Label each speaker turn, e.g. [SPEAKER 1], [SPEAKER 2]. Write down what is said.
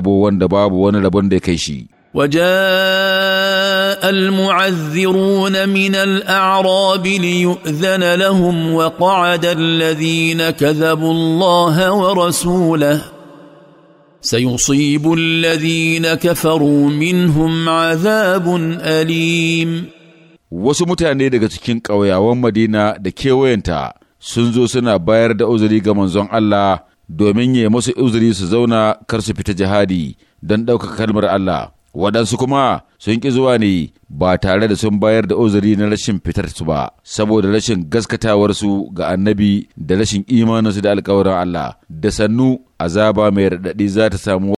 [SPEAKER 1] babu wani labon da ya kai shi.
[SPEAKER 2] Waje almu'azziru na minal a'arabi ne zana lahum wa ƙwa'adar lazi na ka zabun lahawar rasula, sai yi tsibun lazi na ka faru alim.
[SPEAKER 3] Wasu mutane daga cikin ƙauyawan madina da kewayenta sun zo suna bayar da uzuri ga manzon Allah domin ya musu uzuri su zauna kar su fita jihadi don ɗaukaka kalmar Allah waɗansu kuma sun ƙi zuwa ne ba tare da sun bayar da uzuri na rashin fitar su ba saboda rashin gaskatawarsu ga annabi da rashin imaninsu da alkawarin Allah da sannu azaba mai raɗaɗi za ta samu